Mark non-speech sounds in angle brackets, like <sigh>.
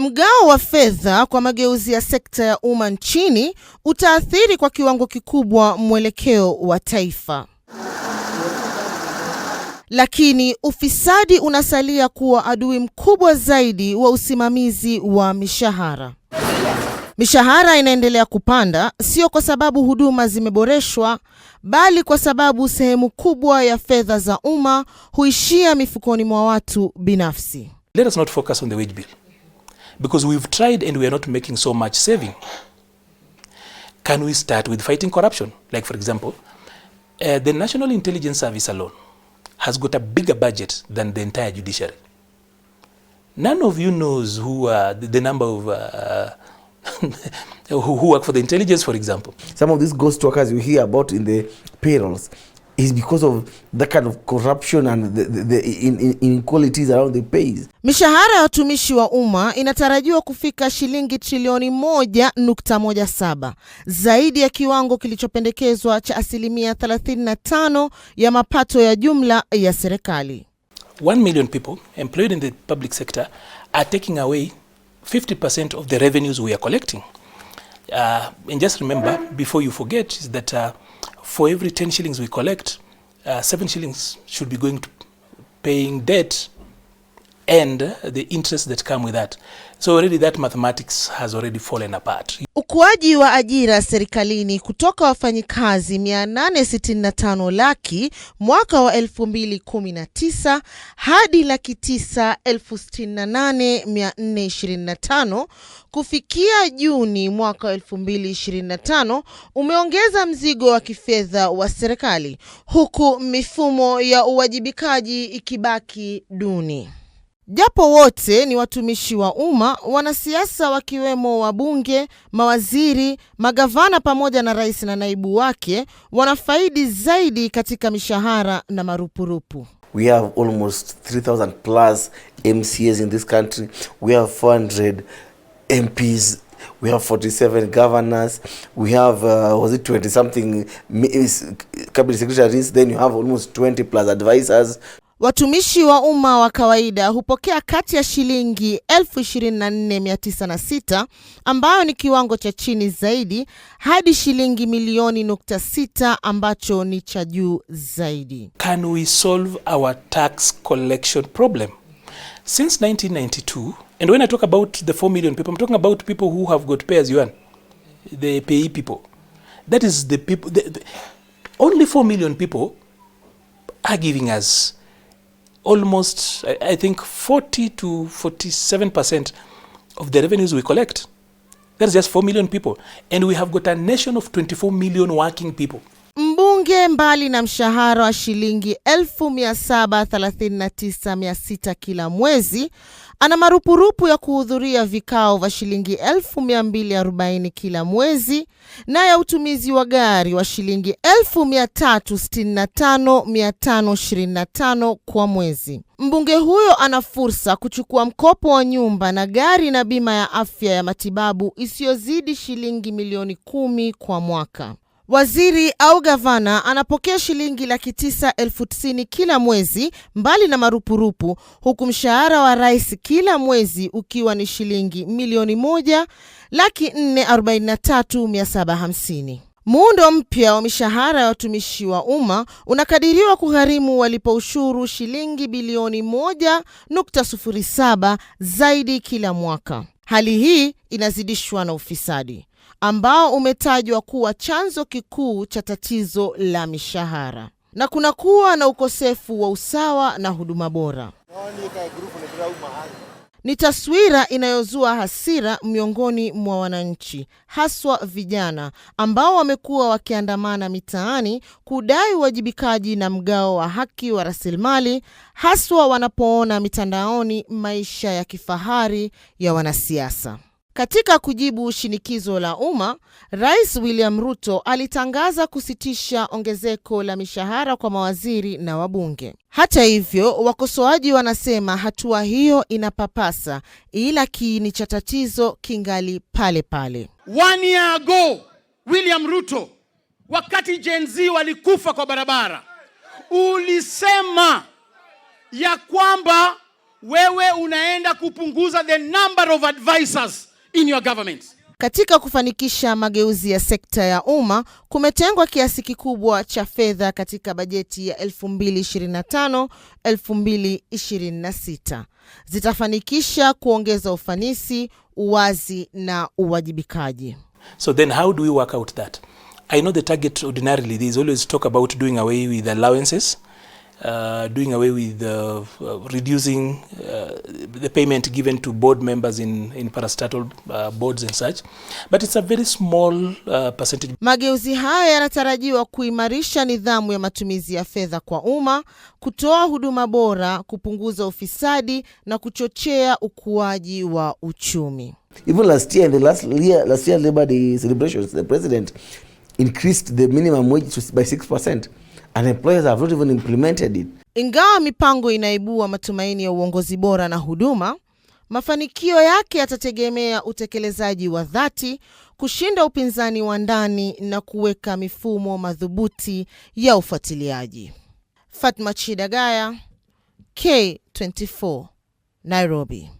Mgao wa fedha kwa mageuzi ya sekta ya umma nchini utaathiri kwa kiwango kikubwa mwelekeo wa taifa. Lakini ufisadi unasalia kuwa adui mkubwa zaidi wa usimamizi wa mishahara. Mishahara inaendelea kupanda sio kwa sababu huduma zimeboreshwa, bali kwa sababu sehemu kubwa ya fedha za umma huishia mifukoni mwa watu binafsi. Let us not focus on the wage bill because we've tried and we are not making so much saving. Can we start with fighting corruption? Like for example, uh, the National Intelligence Service alone has got a bigger budget than the entire judiciary. None of you knows who uh, the, the number of uh, <laughs> who work for the intelligence, for example. Some of these ghost workers you hear about in the payrolls is because of the kind of corruption and the, the, the inequalities around the pays. Mishahara ya watumishi wa umma inatarajiwa kufika shilingi trilioni moja moja nukta saba zaidi ya kiwango kilichopendekezwa cha asilimia 35 ya mapato ya jumla ya serikali. 1 million people employed in the public sector are taking away 50% of the revenues we are collecting. Uh, and just remember before you forget is that uh, for every 10 shillings we collect uh, 7 shillings should be going to paying debt and the interests that come with that. So already that mathematics has already fallen apart. Ukuaji wa ajira serikalini kutoka wafanyikazi 865 laki mwaka wa 2019 hadi laki 968,425 kufikia Juni mwaka wa 2025 umeongeza mzigo wa kifedha wa serikali huku mifumo ya uwajibikaji ikibaki duni. Japo wote ni watumishi wa umma, wanasiasa wakiwemo wabunge, mawaziri, magavana pamoja na rais na naibu wake wanafaidi zaidi katika mishahara na marupurupu. We have almost 3000 plus MCAs in this country. We have 400 MPs. We have 47 governors. We have, uh, was it 20 something cabinet secretaries. Then you have almost 20 plus advisors. Watumishi wa umma wa kawaida hupokea kati ya shilingi 24906 ambayo ni kiwango cha chini zaidi hadi shilingi milioni nukta sita ambacho ni cha juu zaidi. Can we solve our tax collection problem? Since 1992 and when I talk about the 4 million people, I'm talking about people who have got pay as you earn, the pay people. That is the people, the, the, only 4 million people are giving us almost, I think, 40 to 47% percent of the revenues we collect. That's just 4 million people. And we have got a nation of 24 million working people. Bunge mbali na mshahara wa shilingi 739,600 kila mwezi, ana marupurupu ya kuhudhuria vikao vya shilingi 240,000 kila mwezi na ya utumizi wa gari wa shilingi 365,525 kwa mwezi. Mbunge huyo ana fursa kuchukua mkopo wa nyumba na gari na bima ya afya ya matibabu isiyozidi shilingi milioni kumi kwa mwaka. Waziri au gavana anapokea shilingi laki tisa elfu tisini kila mwezi mbali na marupurupu, huku mshahara wa rais kila mwezi ukiwa ni shilingi milioni moja laki nne arobaini na tatu mia saba hamsini. Muundo mpya wa mishahara ya watumishi wa umma unakadiriwa kugharimu walipa ushuru shilingi bilioni saba zaidi kila mwaka. Hali hii inazidishwa na ufisadi ambao umetajwa kuwa chanzo kikuu cha tatizo la mishahara na kunakuwa na ukosefu wa usawa na huduma bora. Ni taswira inayozua hasira miongoni mwa wananchi, haswa vijana ambao wamekuwa wakiandamana mitaani kudai uwajibikaji na mgao wa haki wa rasilimali, haswa wanapoona mitandaoni maisha ya kifahari ya wanasiasa. Katika kujibu shinikizo la umma, Rais William Ruto alitangaza kusitisha ongezeko la mishahara kwa mawaziri na wabunge. Hata hivyo, wakosoaji wanasema hatua hiyo inapapasa, ila kiini cha tatizo kingali pale pale. One year ago, William Ruto, wakati Gen Z walikufa kwa barabara, ulisema ya kwamba wewe unaenda kupunguza the number of advisors in your government. Katika kufanikisha mageuzi ya sekta ya umma kumetengwa kiasi kikubwa cha fedha katika bajeti ya 2025 2026 zitafanikisha kuongeza ufanisi, uwazi na uwajibikaji. So then how do we work out that? I know the target ordinarily there is always talk about doing away with allowances uh, doing away with uh, reducing uh, the payment given to board members in, in parastatal uh, boards and such but it's a very small uh, percentage. Mageuzi haya yanatarajiwa kuimarisha nidhamu ya matumizi ya fedha kwa umma, kutoa huduma bora, kupunguza ufisadi na kuchochea ukuaji wa uchumi. Even last year and the last year, last year Labor Day celebrations, the president increased the minimum wage by 6% and employers have not even implemented it. Ingawa mipango inaibua matumaini ya uongozi bora na huduma, mafanikio yake yatategemea utekelezaji wa dhati, kushinda upinzani wa ndani na kuweka mifumo madhubuti ya ufuatiliaji. Fatma Chidagaya, K24, Nairobi.